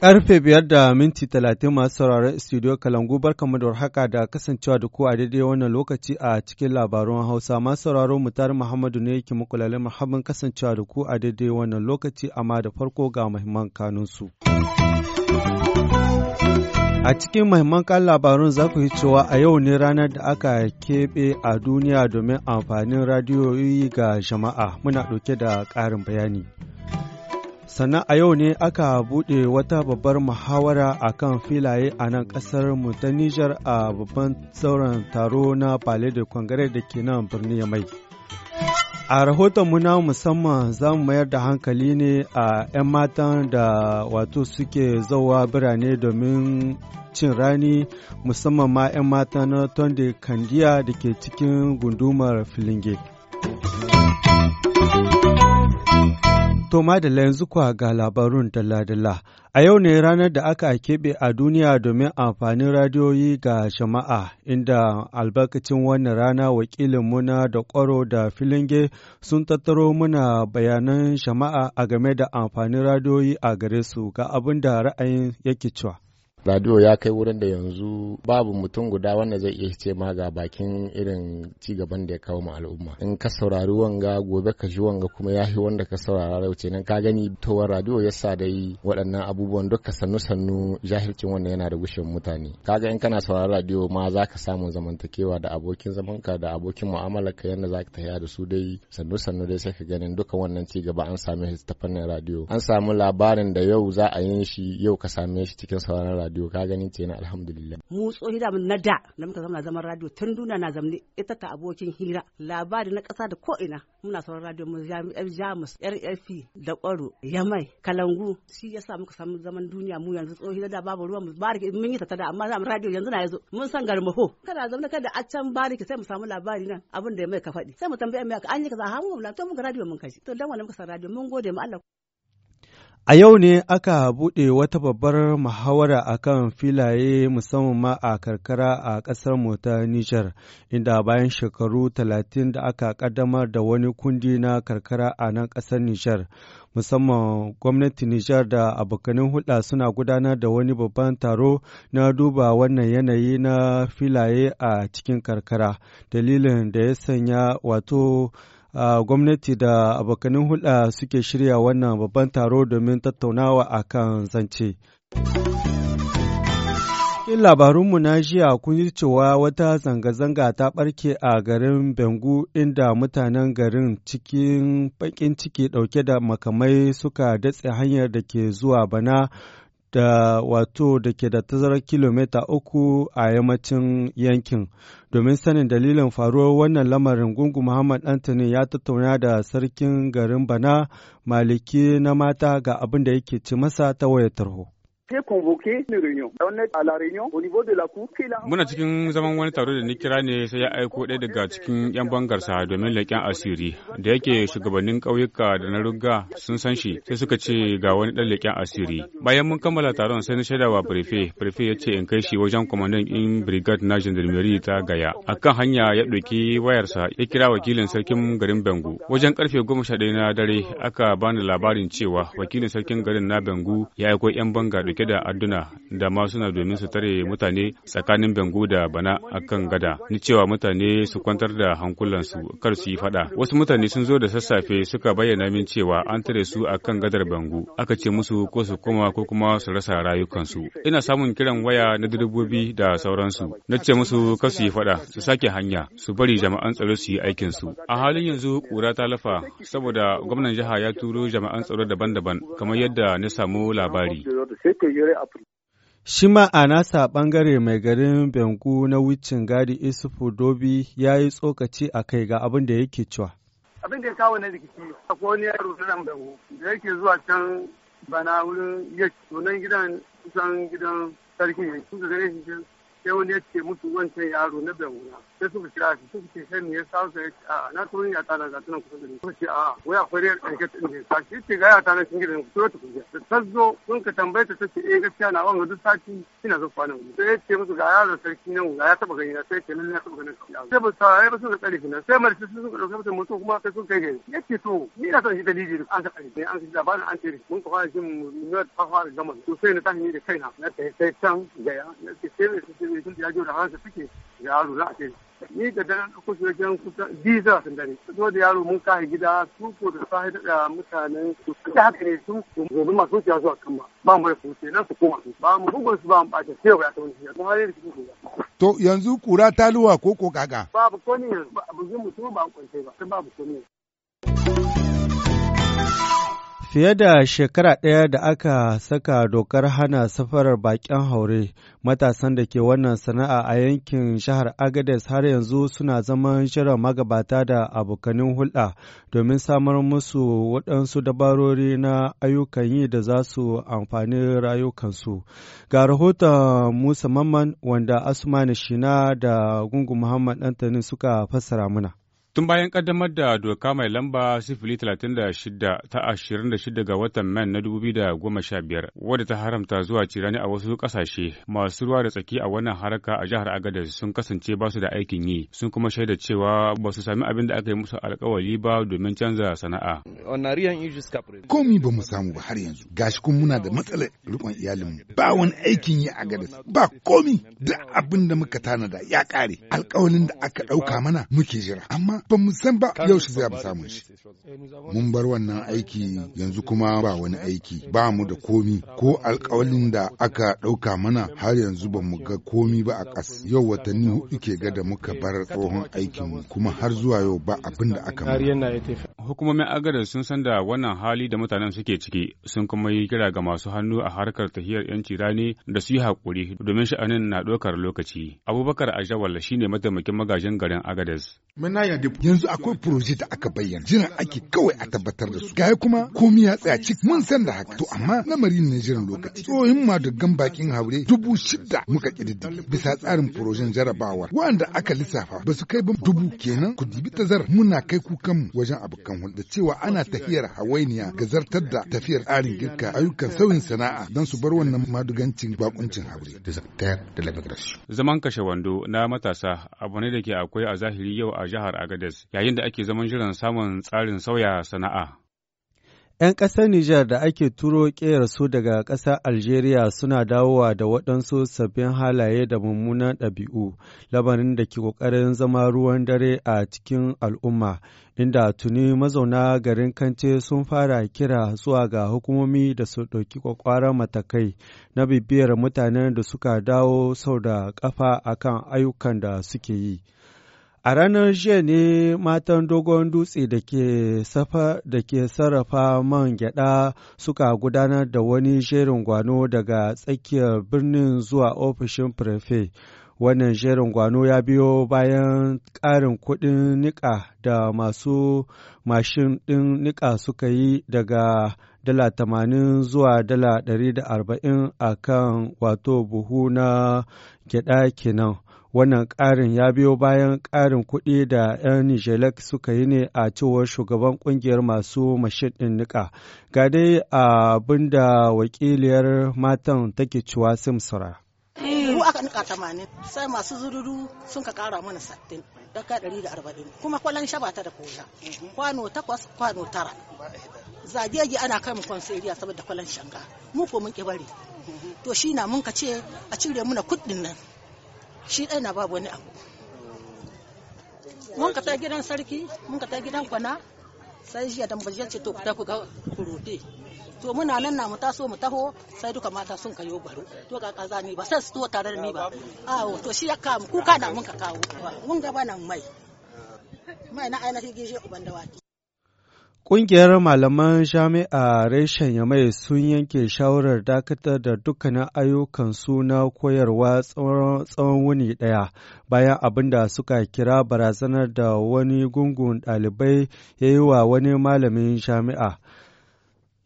Karfe biyar da minti talatin masu sauraron studio Kalangu barkamu da warhaka da kasancewa da ku a daidai wannan lokaci a cikin labarun Hausa masu sauraron mutar Muhammadu ne yake muku lalle muhammad kasancewa da ku a daidai wannan lokaci amma da farko ga muhimman kanunsu. A cikin mahimman kan labarun za ku yi cewa a yau ne ranar da aka keɓe a duniya domin amfanin radiyoyi ga jama'a muna ɗauke da ƙarin bayani. Sannan a yau ne aka buɗe wata babbar muhawara a kan filaye a nan ƙasar mu ta Nijar a babban sauran taro na Palais da Kwangare da ke nan birnin Yamai. mai. A rahoton na musamman za mu mayar da hankali ne a 'yan matan da wato suke zauwa birane domin cin rani musamman ma 'yan mata na Tonde Kandiya da ke cikin gundumar Filinge. To madalla yanzu kuwa ga labarun dalla-dalla. A yau ne ranar da aka keɓe a duniya domin amfanin radiyoyi ga jama'a, inda albarkacin wannan rana wakilin muna da ƙwaro da filinge sun tattaro muna bayanan jama'a a game da amfanin radiyoyi a gare su ga abin da ra'ayin yake cewa. radio ya kai wurin da yanzu babu mutum guda wanda zai iya ce ma ga bakin irin ci gaban da ya kawo ma al'umma in ka saurari wanga gobe ka ji wanga kuma ya yahi wanda ka saurara yau nan ka gani towar radio sa dai waɗannan abubuwan duka sannu sannu jahilcin wannan yana da gushin mutane kaga in kana saurari radio ma za ka samu zamantakewa da abokin zamanka da abokin mu'amala ka yadda za ka tafiya da su dai sannu sannu dai sai ka ganin duka wannan ci gaba an same shi ta fannin radio an samu labarin da yau za a yin shi yau ka same shi cikin sauraron radio radio ka gani ce na alhamdulillah mu tsohi da na da da muka zama zaman radio tun duna na zamne ita ta abokin hira labari na kasa da ko ina muna sauraron radio mu jamus rrf da kwaro yamai kalangu shi yasa muka samu zaman duniya mu yanzu tsohi da babu ruwan mu bariki mun yi ta da amma zamu radio yanzu na yazo mun san garmaho kana zamne kada a can bariki sai mu samu labari nan abin da mai ka faɗi sai mu tambaye mai an yi kaza ha mu to mun radio mun kaji to dan wannan muka san radio mun gode mu Allah A yau ne aka buɗe wata babbar muhawara a kan filaye musamman ma a karkara a ƙasar mu ta Nijar, inda bayan shekaru talatin da aka ƙaddamar da wani kundi na karkara a nan ƙasar Nijar. Musamman gwamnati Nijar da abokanin hulɗa suna gudanar da wani babban taro na duba wannan yanayi na filaye a cikin karkara. Dalilin da ya sanya wato gwamnati da abokanin hulɗa suke shirya wannan babban taro domin tattaunawa a kan zance. Yin labarunmu na jiya kun yi cewa wata zanga-zanga ta ɓarke a garin Bengu inda mutanen garin cikin baƙin ciki ɗauke da makamai suka datse hanyar da ke zuwa bana da wato da ke da tazarar kilomita uku a yammacin yankin. Domin sanin dalilin faruwar wannan lamarin gungu Muhammad Anthony ya tattauna da sarkin garin Bana Maliki na mata ga abin da yake ci masa ta wayar tarho. sai convoqué une réunion. On est à la réunion au niveau de la cour. Muna cikin zaman wani taro da ni kira ne sai ya aiko ɗaya daga cikin 'yan bangarsa domin leƙen asiri. Da yake shugabannin ƙauyuka da na ruga sun san shi sai suka ce ga wani ɗan leƙen asiri. Bayan mun kammala taron sai na shaida wa prefe. Prefe ya ce in kai shi wajen kwamandan in brigade na gendarmerie ta Gaya. a kan hanya ya ɗauki wayarsa ya kira wakilin sarkin garin Bengu. Wajen ƙarfe goma sha ɗaya na dare aka bani labarin cewa wakilin sarkin garin na Bengu ya aiko 'yan banga ɗauke da adduna da ma suna domin su tare mutane tsakanin Bengu da Bana a kan gada. Ni cewa mutane su kwantar da hankulansu kar su yi fada Wasu mutane sun zo da sassafe suka bayyana min cewa an tare su akan gadar Bengu. Aka ce musu ko su koma ko kuma su rasa rayukansu. Ina samun kiran waya na direbobi da sauransu. Na ce musu kar su yi fada su sake hanya, su bari jama'an tsaro su yi aikin su A halin yanzu kura ta lafa saboda gwamnan jiha ya turo jama'an tsaro daban-daban kamar yadda na samu labari. Shi ma a nasa ɓangare mai garin Bengu na wucin gadi Isufu Dobi ya yi tsokaci a kai ga abin da yake cewa. Abin da ya kawo na rikici akwai wani yaro na nan Bengu da yake zuwa can bana wurin yake sunan gidan kusan gidan sarki ne. da shi sai wani ya ce musu wancan yaro na bayan sai suka kira shi suka ce sai me ya sa sai a na turo ya tana ga tunan kusa da ni suka ce a waya fariyar ɗan ke tsin ne shi ce ga ya tana cikin gidan ku ta kuje da ta zo sun ka tambaye ta ce eh gaskiya na wanga duk sati ina zo kwana wuri sai ya ce musu ga yaro sarki nan ya taba gani na sai ce nan ya taba gani shi sai ba sai ba suka tsare shi nan sai marci sun ka dauka mutum mutum kuma sai sun kai gari ya ce to ni na son shi dalili an ka tsare an ka labarin an tsare mun ka fara jin mu ne ta fara gama to sai na tashi ni da kaina na ta sai can gaya na sai sai ne tun da ya jo da haransa suke yaro za a ce ni da daren ɗauko shi wajen kusan biyu za dare da yaro mun kayi gida su ko da sahi da mutanen su da haka ne su gobe masu wuciya zuwa kan ba ba mu da su nan su koma su ba mu bugun su ba mu ɓace sai ya ta wani da su ba. to yanzu kura ta luwa ko ko kaka. babu ko yanzu ba a bugi mutum ba a kwance ba babu ko Fiye da shekara ɗaya da aka saka dokar hana safarar baƙin haure, matasan da ke wannan sana'a a yankin shahar Agades har yanzu suna zaman shirin magabata da abokanin hulɗa domin samar musu waɗansu dabarori na ayyukan yi da za su amfani rayukansu. Ga rahoton Musa Mamman wanda Asmani Shina da Gungu Muhammad Ɗantani suka fassara muna. Tun bayan kaddamar da doka mai lamba sifili 36 ta 26 ga watan Man na 2015 wadda ta haramta zuwa cirani a wasu kasashe masu ruwa da tsaki a wannan haraka a jihar Agadez sun kasance ba su da aikin yi sun kuma shaida cewa ba su sami abin da aka yi musu alkawari ba domin canza sana'a. Komi ba mu samu ba har yanzu gashi kun muna da matsalar rikon iyalinmu ba wani aikin yi a Agadez ba komi da abin da muka tanada ya kare alkawalin da aka ɗauka mana muke jira amma ba mu san ba yaushe za mu samu shi eh, mun bar wannan aiki yanzu kuma ba wani aiki ba mu da komi ko alkawalin da aka ɗauka mana har yanzu ba mu ga komi ba a ƙas yau watanni hudu ke ga da muka bar tsohon aikin kuma har zuwa yau ba abin da aka mana hukumomin agadar sun san da wannan hali da mutanen suke ciki sun kuma yi kira ga masu hannu a harkar tahiyar yanci rani da su yi haƙuri domin sha'anin na ɗaukar lokaci abubakar ajawal shine mataimakin magajin garin agadez Yanzu akwai proje da aka bayyana, jiran ake kawai a tabbatar da su. Gaya kuma komi ya tsaya cik mun san da haka. To amma lamarin ne jiran lokaci. Tsohon gan bakin haure dubu shida muka kididdi bisa tsarin projen jarabawa. Wanda aka lissafa ba su kai ba dubu kenan ku dibi tazar muna kai kukanmu wajen abokan hulɗa cewa ana tafiyar hawainiya ga zartar da tafiyar tsarin girka ayyukan sauyin sana'a don su bar wannan madugancin bakuncin haure. Zaman kashe wando na matasa abu ne da ke akwai a zahiri yau a jihar Agadez yayin da ake zaman jiran samun tsarin sauya sana'a. 'Yan ƙasar Nijar da ake turo su daga ƙasar Algeria suna dawowa da waɗansu sabbin halaye da mummunan ɗabi'u, labarin da ke ƙoƙarin zama ruwan dare a cikin al'umma, inda tuni mazauna garin Kance sun fara kira zuwa ga hukumomi da su ɗauki ƙwaƙwaran matakai na bibiyar mutanen da suka dawo sau da ƙafa akan ayyukan da suke yi. A ranar jiya ne matan dogon dutse da ke safa da ke sarrafa man gyada suka gudanar da wani jerin gwano daga tsakiyar birnin zuwa ofishin prefe. Wannan jerin gwano ya biyo bayan ƙarin kuɗin nika da masu mashin ɗin niƙa suka yi daga dala tamanin zuwa dala ɗari da arba'in a kan wato buhu na gyada kenan. Wannan ƙarin ya biyo bayan ƙarin kuɗi da 'yan Nijelek suka yi ne a cewar shugaban ƙungiyar masu mashin ɗin niƙa. Ga dai abin da wakiliyar matan take cewa Simsura. Mu aka nika tamanin sai masu zururu sun ka kara mana sattin da ka ɗari da arba'in kuma kwalan shaba ta da koya mhm. kwano takwas kwano tara zagegi ana kai mu kwansiriya saboda kwalan shanga mu ko mun ki bari mhm. to shi na mun ka ce a cire muna kuɗin nan shi ɗaya na babu wani abu mun ka ta gidan sarki mun ka ta gidan kwana sai jiya dambajiya ce to ta ku ga kurude to muna nan na mu taso mu taho sai duka mata sun kayo baro to ga kaza ni ba sai su to tare da ni ba awo to shi ya kamu kuka na mun ka kawo mun gaba nan mai mai na ainihin gishi uban dawaki Ƙungiyar malaman jami'a reshen Yamai sun yanke shawarar dakatar da dukkanin ayyukan suna koyarwa tsawon wuni ɗaya bayan abin da suka kira barazanar da wani gungun ɗalibai ya yi wa wani malamin jami'a.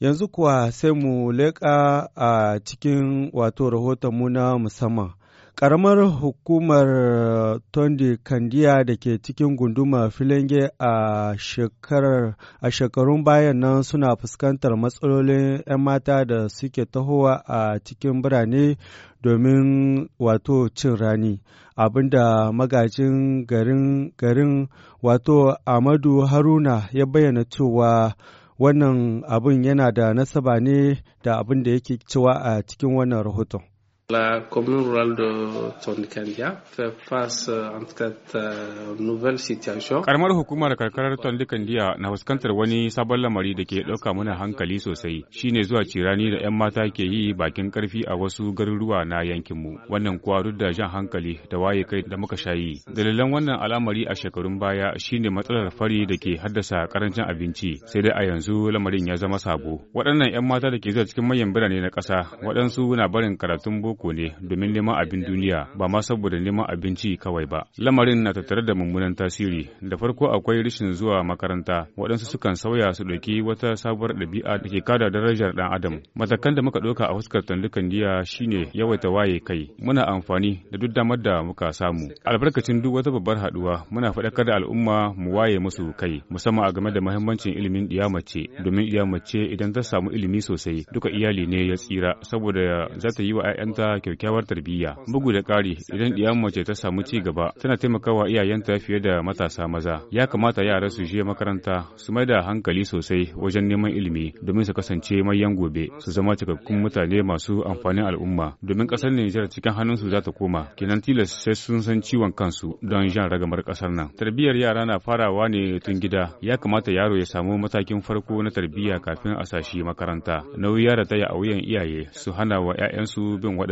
Yanzu kuwa sai mu leƙa a cikin wato rahoton mu na musamman. Ƙaramar hukumar Tondi Kandiya da ke cikin gunduma filange a shekarun bayan nan suna fuskantar matsalolin 'yan mata da suke tahowa a cikin birane domin wato cin rani abinda magajin garin garin wato Amadu Haruna ya bayyana cewa wannan abin yana da nasaba ne da abin da yake cewa a cikin wannan rahoton. La commune rurale de Tondikandia fait face en fait nouvelle situation. Karamar hukumar karkarar Tondikandia na fuskantar wani sabon lamari da ke ɗauka mana hankali sosai shine zuwa cirani da 'yan mata ke yi bakin karfi a wasu garuruwa na yankinmu. Wannan kuwa duk da jan hankali da waye kai da muka shayi. Dalilan wannan al'amari a shekarun baya shine matsalar fari da ke haddasa karancin abinci sai dai a yanzu lamarin ya zama sabo. Waɗannan 'yan mata da ke zuwa cikin manyan birane na ƙasa waɗansu na barin karatun boko bako ne domin neman abin duniya ba ma saboda neman abinci kawai ba. Lamarin na tattare da mummunan tasiri. Da farko akwai rashin zuwa makaranta, waɗansu sukan sauya su ɗauki wata sabuwar ɗabi'a da ke kada darajar ɗan adam. Matakan da muka ɗauka a fuskar tandukan diya shine yawaita waye kai. Muna amfani da duk damar da muka samu. Albarkacin duk wata babbar haɗuwa muna faɗakar da al'umma mu waye musu kai, musamman a game da mahimmancin ilimin ɗiya mace, domin ɗiya idan ta samu ilimi sosai duka iyali ne ya tsira saboda za ta yi wa 'ya'yanta kyakkyawar tarbiyya. Bugu da ƙari idan ɗiya mace ta samu ci gaba tana taimakawa iyayenta fiye da matasa maza. Ya kamata yara su je makaranta su mai da hankali sosai wajen neman ilimi domin su kasance mayan gobe su zama cikakkun mutane masu amfanin al'umma domin ƙasar Nijar cikin hannunsu za ta koma. Kenan tilas sai sun san ciwon kansu don jan ragamar ƙasar nan. Tarbiyyar yara na farawa ne tun gida. Ya kamata yaro ya samu matakin farko na tarbiyya kafin a sashi makaranta. Nauyi yara ta ya a wuyan iyaye su hana wa 'ya'yansu bin waɗanda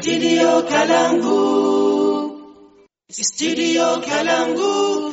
Studio Kalangu. Studio Kalangu.